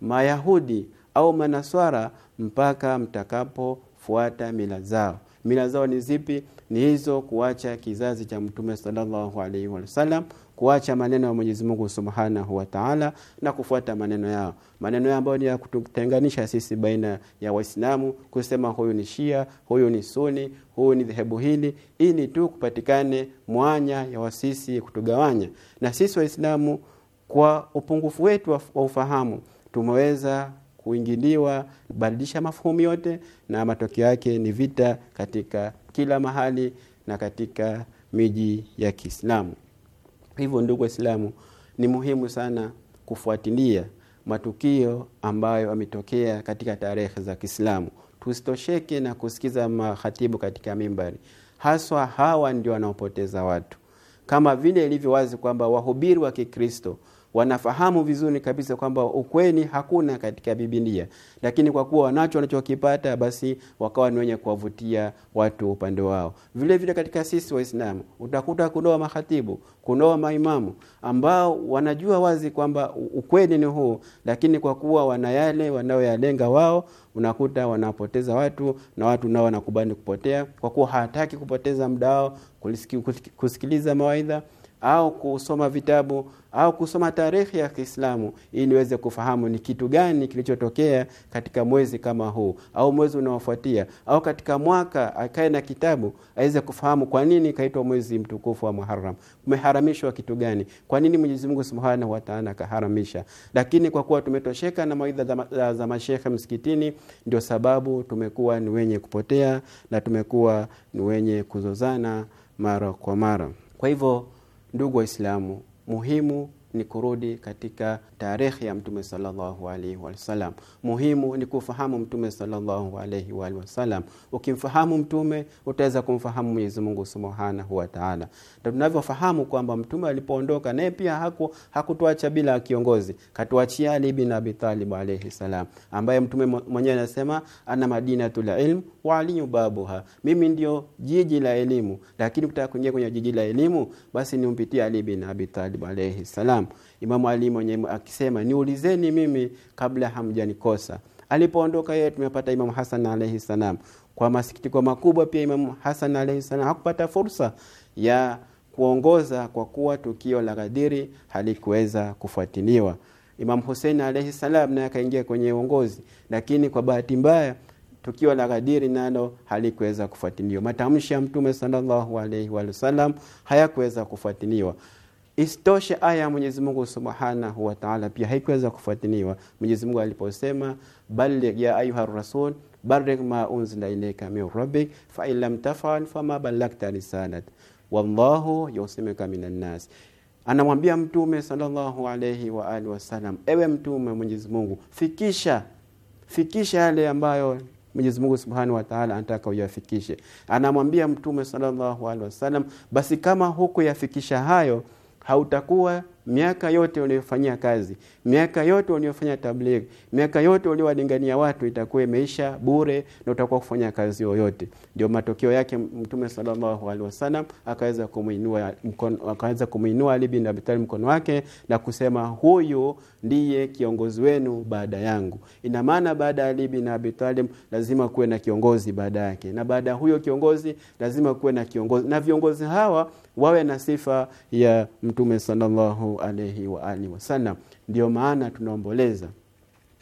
mayahudi au manaswara mpaka mtakapofuata mila zao. Mila zao ni zipi? Ni hizo, kuacha kizazi cha Mtume sallallahu alaihi wasallam kuacha maneno ya Mwenyezi Mungu Subhanahu wa Ta'ala na kufuata maneno yao maneno yao ambayo ni ya kututenganisha sisi baina ya Waislamu kusema huyu ni Shia huyu ni Sunni huyu ni dhehebu hili ili tu kupatikane mwanya ya wasisi kutugawanya na sisi Waislamu kwa upungufu wetu wa ufahamu tumeweza kuingiliwa badilisha mafuhumu yote na matokeo yake ni vita katika kila mahali na katika miji ya Kiislamu Hivyo ndugu Waislamu, ni muhimu sana kufuatilia matukio ambayo ametokea katika tarehe za Kiislamu. Tusitosheke na kusikiza mahatibu katika mimbari, haswa hawa ndio wanaopoteza watu, kama vile ilivyo wazi kwamba wahubiri wa Kikristo wanafahamu vizuri kabisa kwamba ukweli hakuna katika bibilia lakini kwa kuwa wanacho wanachokipata, basi wakawa ni wenye kuwavutia watu upande wao. Vile vile katika sisi Waislamu utakuta kunoa mahatibu, kunoa maimamu ambao wanajua wazi kwamba ukweli ni huu, lakini kwa kuwa wana yale wanayoyalenga wao, unakuta wanapoteza watu na watu nao wanakubali kupotea, kwa kuwa hawataki kupoteza muda wao kusikiliza mawaidha au kusoma vitabu au kusoma tarehe ya Kiislamu ili niweze kufahamu ni kitu gani kilichotokea katika mwezi kama huu au mwezi unaofuatia au katika mwaka, akae na kitabu aweze kufahamu kwa nini kaitwa mwezi mtukufu wa Muharram, kumeharamishwa kitu gani, kwa nini Mwenyezi Mungu Subhanahu wa Ta'ala kaharamisha. Lakini kwa kuwa tumetosheka na mawaidha za mashehe msikitini, ndio sababu tumekuwa ni wenye kupotea na tumekuwa ni wenye kuzozana mara kwa mara. Kwa hivyo Ndugu Waislamu, muhimu ni kurudi katika tarehe ya Mtume sallallahu alaihi wasallam. Muhimu ni kufahamu Mtume sallallahu alaihi wasallam. Ukimfahamu Mtume utaweza kumfahamu Mwenyezi Mungu subhanahu wa taala, Ndio tunavyofahamu kwamba Mtume alipoondoka naye pia haku hakutuacha bila kiongozi, katuachia Ali bin Abi Talib alaihi salam, ambaye Mtume mwenyewe anasema ana madinatul ilm wa Ali babuha, mimi ndio jiji la elimu, lakini ukitaka kuingia kwenye jiji la elimu basi niumpitie Ali bin Abi Talib alaihi salam. Salaam, Imamu Ali mwenyewe akisema, niulizeni mimi kabla hamjanikosa. Alipoondoka yeye, tumepata Imamu Hasan alaihi salam. Kwa masikitiko makubwa, pia Imamu Hasan alaihi salam hakupata fursa ya kuongoza kwa kuwa tukio la Ghadiri halikuweza kufuatiliwa. Imam Hussein alaihi salam naye akaingia kwenye uongozi, lakini kwa bahati mbaya tukio la Ghadiri nalo halikuweza kufuatiliwa. Matamshi ya Mtume sallallahu alaihi wasallam hayakuweza kufuatiliwa. Isitoshe, aya ya Mwenyezi Mungu Subhanahu wa Ta'ala pia haikuweza kufuatiliwa. Mwenyezi Mungu aliposema balligh ya ayuha rasul balligh ma unzila ilayka min rabbik fa in lam taf'al fama ballagta risalat wallahu yusimika minan nas. Anamwambia Mtume sallallahu alayhi wa alihi wasallam, ewe Mtume, Mwenyezi Mungu fikisha fikisha yale ambayo Mwenyezi Mungu Subhanahu wa Ta'ala anataka uyafikishe. Anamwambia Mtume sallallahu alayhi wasallam, basi kama huku yafikisha hayo hautakuwa miaka yote uliyofanyia kazi, miaka yote uliyofanya tabligh, miaka yote uliowalingania watu itakuwa imeisha bure na utakuwa kufanya kazi yoyote. Ndio matokeo yake Mtume sallallahu alaihi wasallam akaweza kumuinua mkono, akaweza kumuinua Ali bin Abi Talib mkono wake na kusema huyu ndiye kiongozi wenu baada yangu. Ina maana baada ya Ali bin Abi Talib lazima kuwe na kiongozi baada yake, na baada ya huyo kiongozi lazima kuwe na kiongozi, na viongozi hawa wawe na sifa ya mtume sallallahu alaihi wa alihi wasallam ndio maana tunaomboleza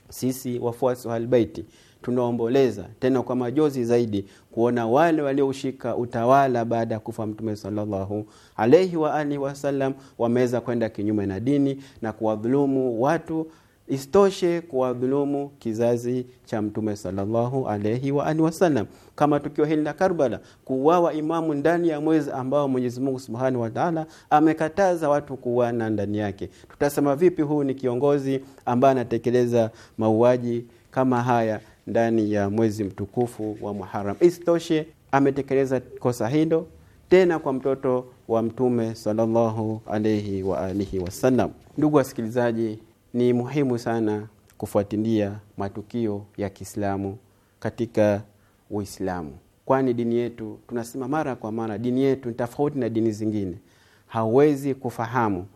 sisi wafuasi wa albaiti tunaomboleza tena kwa majozi zaidi kuona wale walioushika utawala baada ya kufa mtume sallallahu alaihi wa alihi wasallam wameweza kwenda kinyume na dini na kuwadhulumu watu Isitoshe kuwadhulumu kizazi cha Mtume sallallahu alaihi wa alihi wasallam, kama tukio hili la Karbala, kuuawa imamu ndani ya mwezi ambao Mwenyezi Mungu Subhanahu wa Ta'ala amekataza watu kuuana ndani yake. Tutasema vipi huu ni kiongozi ambaye anatekeleza mauaji kama haya ndani ya mwezi mtukufu wa Muharram? Isitoshe ametekeleza kosa hilo tena kwa mtoto wa Mtume sallallahu alaihi wa alihi wasallam. Ndugu wasikilizaji ni muhimu sana kufuatilia matukio ya Kiislamu katika Uislamu, kwani dini yetu tunasema mara kwa mara, dini yetu ni tofauti na dini zingine. Hauwezi kufahamu,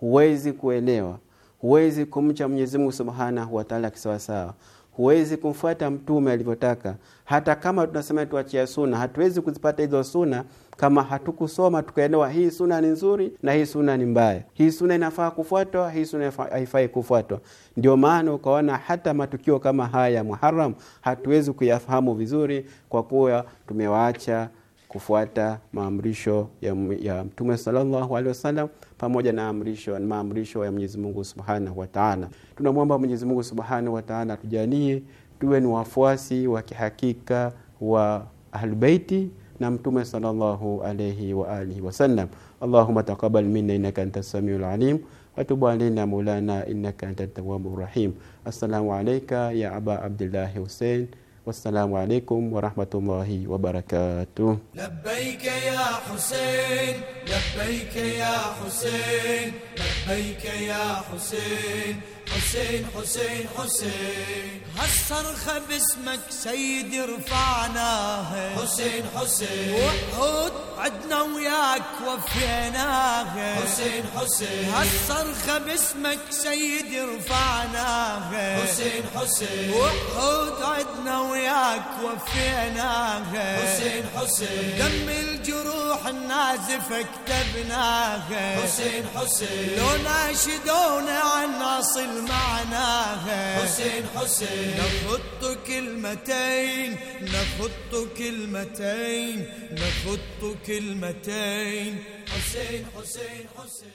huwezi kuelewa, huwezi kumcha Mwenyezi Mungu Subhanahu wa Ta'ala kisawasawa, huwezi kumfuata mtume alivyotaka. Hata kama tunasema tuachia suna, hatuwezi kuzipata hizo suna kama hatukusoma tukaelewa hii suna ni nzuri na hii suna ni mbaya, hii suna inafaa kufuatwa, hii suna haifai kufuatwa. Ndio maana ukaona hata matukio kama haya ya Muharram hatuwezi kuyafahamu vizuri, kwa kuwa tumewaacha kufuata maamrisho ya, ya Mtume sallallahu alaihi wasallam pamoja na amrisho na maamrisho ya Mwenyezi Mungu Subhanahu wataala. Tunamwomba Mwenyezi Mungu Subhanahu wataala atujalie tuwe ni wafuasi wa kihakika wa Ahlubeiti. na mtume sallallahu alayhi wa alihi wasallam allahumma taqabbal minna innaka antas samiul alim وتب علينا مولانا إنك أنت التواب الرحيم السلام عليك يا أبا عبد الله حسين والسلام عليكم ورحمة الله وبركاته لبيك يا حسين لبيك يا حسين لبيك يا حسين حسين حسين حسين هالصرخة باسمك سيدي رفعناها حسين حسين وحود عدنا وياك وفيناها حسين حسين هالصرخة باسمك سيدي رفعناها حسين حسين وحود عدنا وياك وفيناها حسين حسين دم الجروح وحنا النازفة كتبناها حسين حسين لو ناشدونا عن نصل معناها حسين حسين نخط كلمتين نخط كلمتين نخط كلمتين حسين حسين حسين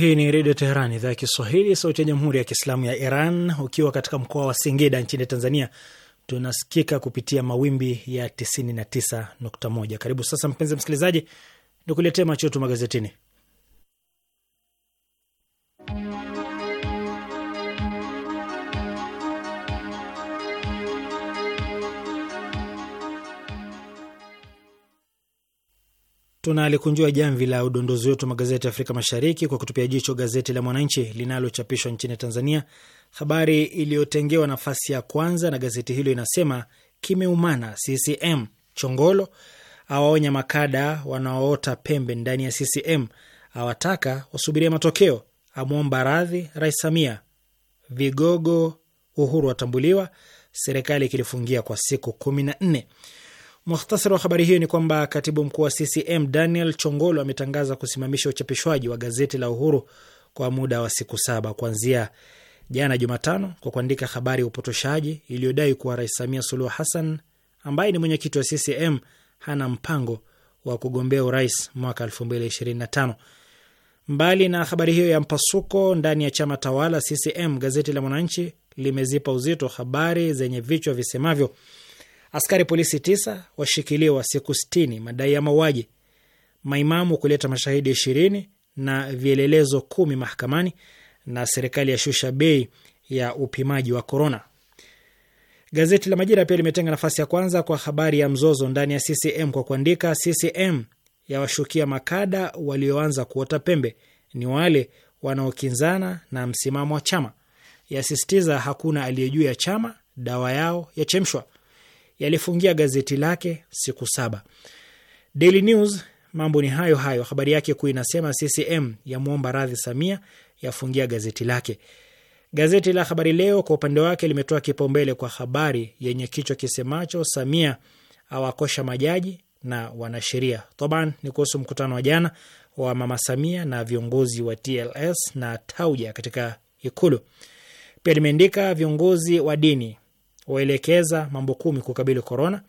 Hii ni Redio Teheran, idhaa ya Kiswahili, sauti ya Jamhuri ya Kiislamu ya Iran, ukiwa katika mkoa wa Singida nchini Tanzania tunasikika kupitia mawimbi ya 99.1. Karibu sasa, mpenzi msikilizaji, ni kuletea macho yetu magazetini. Tunalikunjua jamvi la udondozi wetu magazeti ya Afrika Mashariki kwa kutupia jicho gazeti la Mwananchi linalochapishwa nchini Tanzania Habari iliyotengewa nafasi ya kwanza na gazeti hilo inasema kimeumana CCM, Chongolo awaonya makada wanaoota pembe ndani ya CCM, awataka wasubiria matokeo, amwomba radhi Rais Samia, vigogo Uhuru watambuliwa, serikali kilifungia kwa siku kumi na nne. Muhtasari wa habari hiyo ni kwamba katibu mkuu wa CCM Daniel Chongolo ametangaza kusimamisha uchapishwaji wa gazeti la Uhuru kwa muda wa siku saba kuanzia jana Jumatano kwa kuandika habari ya upotoshaji iliyodai kuwa Rais Samia Suluhu Hassan ambaye ni mwenyekiti wa CCM hana mpango wa kugombea urais mwaka 2025. Mbali na habari hiyo ya mpasuko ndani ya chama tawala CCM, gazeti la Mwananchi limezipa uzito habari zenye vichwa visemavyo: askari polisi tisa washikiliwa siku s madai ya mauaji, maimamu kuleta mashahidi ishirini na vielelezo kumi mahakamani na serikali ya shusha bei ya upimaji wa korona. Gazeti la Majira pia limetenga nafasi ya kwanza kwa habari ya mzozo ndani ya CCM kwa kuandika, CCM yawashukia makada walioanza kuota pembe, ni wale wanaokinzana na msimamo wa chama, yasisitiza hakuna aliye juu ya chama, dawa yao yachemshwa, yalifungia gazeti lake siku saba. Daily News mambo ni hayo hayo, habari yake kuu inasema CCM yamwomba radhi Samia yafungia gazeti lake. Gazeti la Habari Leo kwa upande wake limetoa kipaumbele kwa habari yenye kichwa kisemacho Samia awakosha majaji na wanasheria. Toban ni kuhusu mkutano wa jana wa Mama Samia na viongozi wa TLS na Tauja katika Ikulu. Pia limeandika viongozi wa dini waelekeza mambo kumi kukabili korona,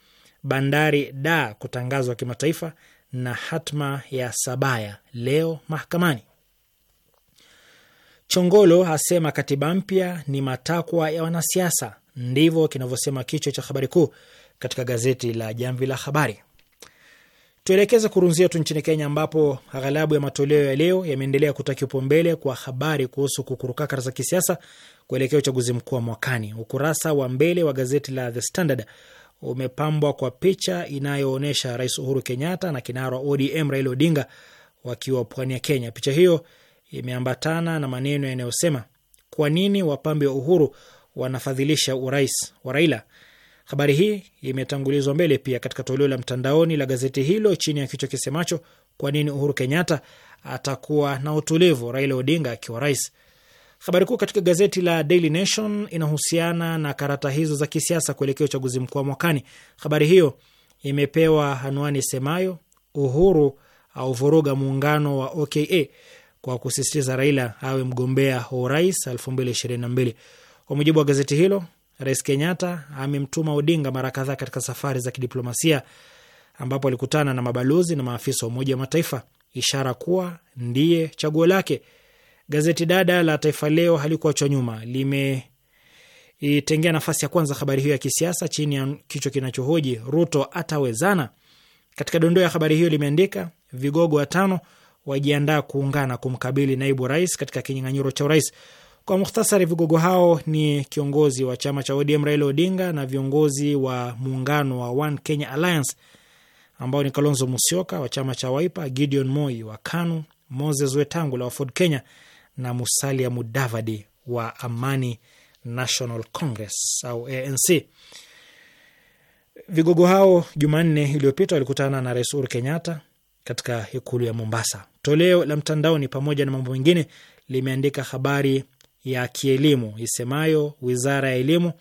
bandari da kutangazwa kimataifa na hatma ya Sabaya leo mahakamani. Chongolo asema katiba mpya ni matakwa ya wanasiasa. Ndivyo kinavyosema kichwa cha habari kuu katika gazeti la Jamvi la Habari. Tuelekeze kurunzi yetu nchini Kenya, ambapo aghalabu ya matoleo ya leo yameendelea kutoa kipaumbele kwa habari kuhusu kukurukakara za kisiasa kuelekea uchaguzi mkuu wa mwakani. Ukurasa wa mbele wa gazeti la The Standard umepambwa kwa picha inayoonyesha Rais Uhuru Kenyatta na kinara ODM Raila Odinga wakiwa pwani ya Kenya. Picha hiyo imeambatana na maneno yanayosema kwa nini wapambe wa uhuru wanafadhilisha urais wa Raila. Habari hii imetangulizwa mbele pia katika toleo la mtandaoni la gazeti hilo chini ya kichwa kisemacho kwa nini Uhuru Kenyatta atakuwa na utulivu Raila Odinga akiwa rais. Habari kuu katika gazeti la Daily Nation inahusiana na karata hizo za kisiasa kuelekea uchaguzi mkuu wa mwakani. Habari hiyo imepewa anwani semayo Uhuru auvuruga muungano wa OKA kwa kusisitiza Raila awe mgombea wa urais 2022. Kwa mujibu wa gazeti hilo, Rais Kenyatta amemtuma Odinga mara kadhaa katika safari za kidiplomasia ambapo alikutana na mabalozi na maafisa wa Umoja wa Mataifa, ishara kuwa ndiye chaguo lake. Gazeti dada la Taifa Leo halikuachwa nyuma, limeitengea nafasi ya kwanza habari hiyo ya kisiasa chini ya kichwa kinachohoji Ruto atawezana. Katika dondoo ya habari hiyo limeandika vigogo watano wajiandaa kuungana kumkabili naibu rais katika kinyang'anyiro cha urais. Kwa mukhtasari, vigogo hao ni kiongozi wa chama cha ODM Raila Odinga na viongozi wa muungano wa One Kenya Alliance ambao ni Kalonzo Musyoka wa chama cha Wiper, Gideon Moi wa KANU, Moses Wetangula wa Ford Kenya na Musalia Mudavadi wa Amani National Congress au ANC. Vigogo hao Jumanne iliyopita walikutana na Rais Uhuru Kenyatta katika ikulu ya Mombasa Toleo la mtandaoni, pamoja na mambo mengine, limeandika habari ya kielimu isemayo wizara ya elimu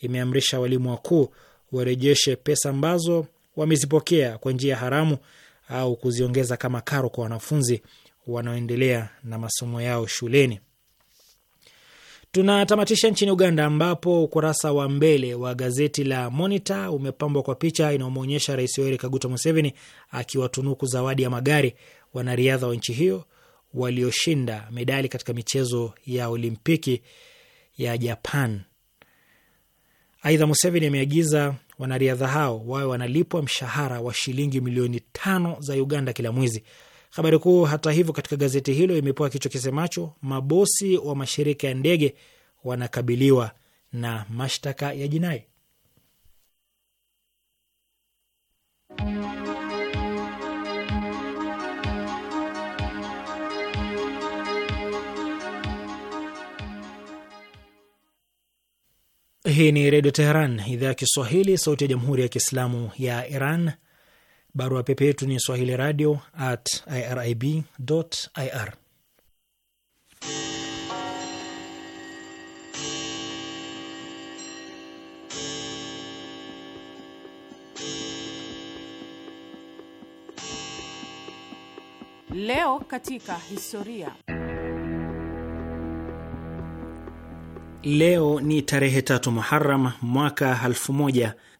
imeamrisha walimu wakuu warejeshe pesa ambazo wamezipokea kwa njia haramu au kuziongeza kama karo kwa wanafunzi wanaoendelea na masomo yao shuleni. Tunatamatisha nchini Uganda, ambapo ukurasa wa mbele wa gazeti la Monitor umepambwa kwa picha inayomwonyesha Rais Yoweri Kaguta Museveni akiwatunuku zawadi ya magari wanariadha wa nchi hiyo walioshinda medali katika michezo ya Olimpiki ya Japan. Aidha, Museveni ameagiza wanariadha hao wawe wanalipwa mshahara wa shilingi milioni tano za Uganda kila mwezi. Habari kuu, hata hivyo, katika gazeti hilo imepewa kichwa kisemacho mabosi wa mashirika ya ndege wanakabiliwa na mashtaka ya jinai. Hii ni Redio Teheran, idhaa ya Kiswahili, sauti ya Jamhuri ya Kiislamu ya Iran. Barua pepe yetu ni swahili radio at irib ir. Leo katika historia Leo ni tarehe tatu Muharam mwaka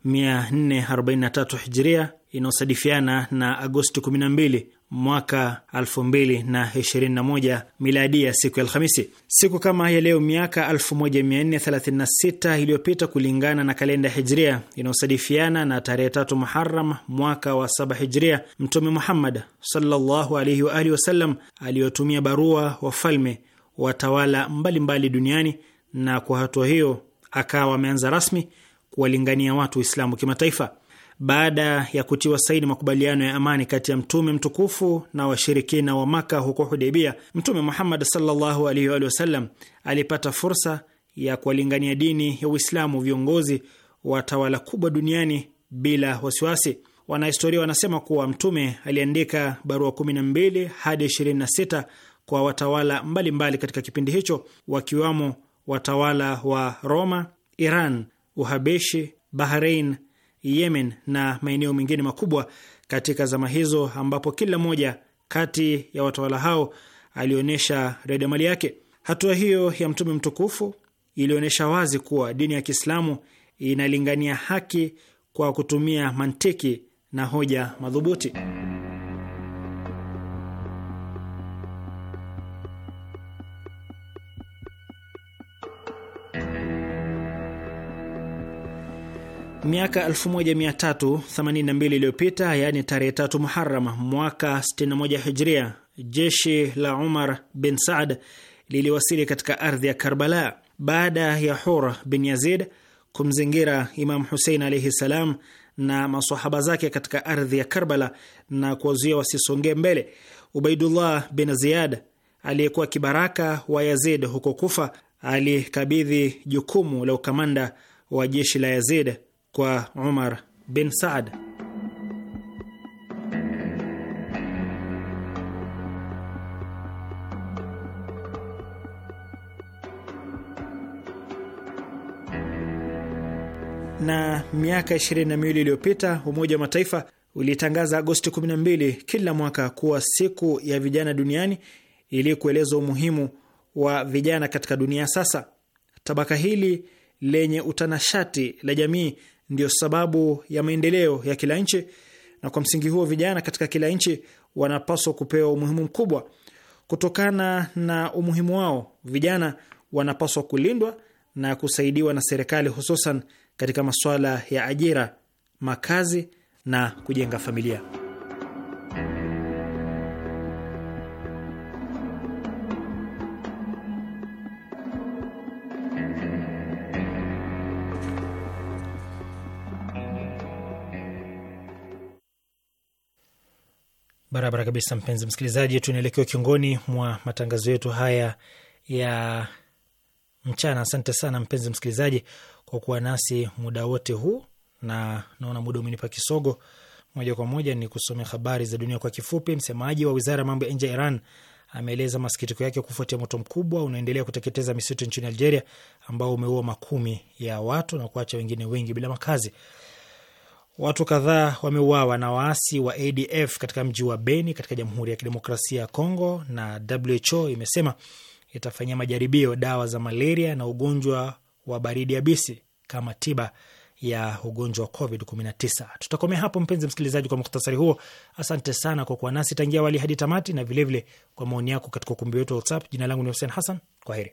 1443 Hijria, inayosadifiana na Agosti 12 mwaka 2021 miladia, siku ya Alhamisi. Siku kama ya leo miaka 1436 iliyopita kulingana na kalenda Hijria inayosadifiana na tarehe tatu Muharam mwaka wa saba Hijria, Mtume Muhammad sallallahu alaihi wa alihi wasallam aliyotumia barua wafalme watawala mbalimbali mbali duniani na kwa hatua hiyo akawa ameanza rasmi kuwalingania watu Waislamu kimataifa. Baada ya kutiwa saini makubaliano ya amani kati ya mtume mtukufu na washirikina wa Maka huko Hudaibia, Mtume Muhammad sallallahu alaihi wa sallam alipata fursa ya kuwalingania dini ya Uislamu viongozi wa tawala kubwa duniani bila wasiwasi. Wanahistoria wanasema kuwa Mtume aliandika barua 12 hadi 26 kwa watawala mbalimbali mbali katika kipindi hicho, wakiwamo watawala wa Roma, Iran, Uhabeshi, Bahrein, Yemen na maeneo mengine makubwa katika zama hizo, ambapo kila mmoja kati ya watawala hao alionyesha redi mali yake. Hatua hiyo ya Mtume mtukufu ilionyesha wazi kuwa dini ya Kiislamu inalingania haki kwa kutumia mantiki na hoja madhubuti. Miaka 1382 iliyopita, yaani tarehe tatu muharam mwaka 61 Hijria, jeshi la Umar bin Saad liliwasili katika ardhi ya Karbala baada ya Hur bin Yazid kumzingira Imam Husein alaihi ssalam na masahaba zake katika ardhi ya Karbala na kuwazuia wasisongee mbele. Ubaidullah bin Ziyad aliyekuwa kibaraka wa Yazid huko Kufa alikabidhi jukumu la ukamanda wa jeshi la Yazid kwa Umar bin Saad. Na miaka 2 iliyopita Umoja wa Mataifa ulitangaza Agosti 12 kila mwaka kuwa siku ya vijana duniani ili kueleza umuhimu wa vijana katika dunia sasa. Tabaka hili lenye utanashati la jamii ndio sababu ya maendeleo ya kila nchi, na kwa msingi huo vijana katika kila nchi wanapaswa kupewa umuhimu mkubwa. Kutokana na umuhimu wao, vijana wanapaswa kulindwa na kusaidiwa na serikali, hususan katika masuala ya ajira, makazi na kujenga familia. Barabara kabisa, mpenzi msikilizaji, tunaelekea kiongoni mwa matangazo yetu haya ya mchana. Asante sana mpenzi msikilizaji kwa kuwa nasi muda wote huu, na naona muda umenipa kisogo. Moja kwa moja ni kusomea habari za dunia kwa kifupi. Msemaji wa wizara ya mambo ya nje ya Iran ameeleza masikitiko yake kufuatia moto mkubwa unaendelea kuteketeza misitu nchini Algeria ambao umeua makumi ya watu na kuacha wengine wengi bila makazi. Watu kadhaa wameuawa na waasi wa ADF katika mji wa Beni katika Jamhuri ya Kidemokrasia ya Kongo, na WHO imesema itafanyia majaribio dawa za malaria na ugonjwa wa baridi yabisi kama tiba ya ugonjwa wa COVID-19. Tutakomea hapo mpenzi msikilizaji, kwa muhtasari huo. Asante sana kwa kuwa nasi tangia awali hadi tamati, na vilevile vile kwa maoni yako katika ukumbi wetu wa WhatsApp. Jina langu ni Hussein Hassan, kwa heri.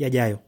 yajayo.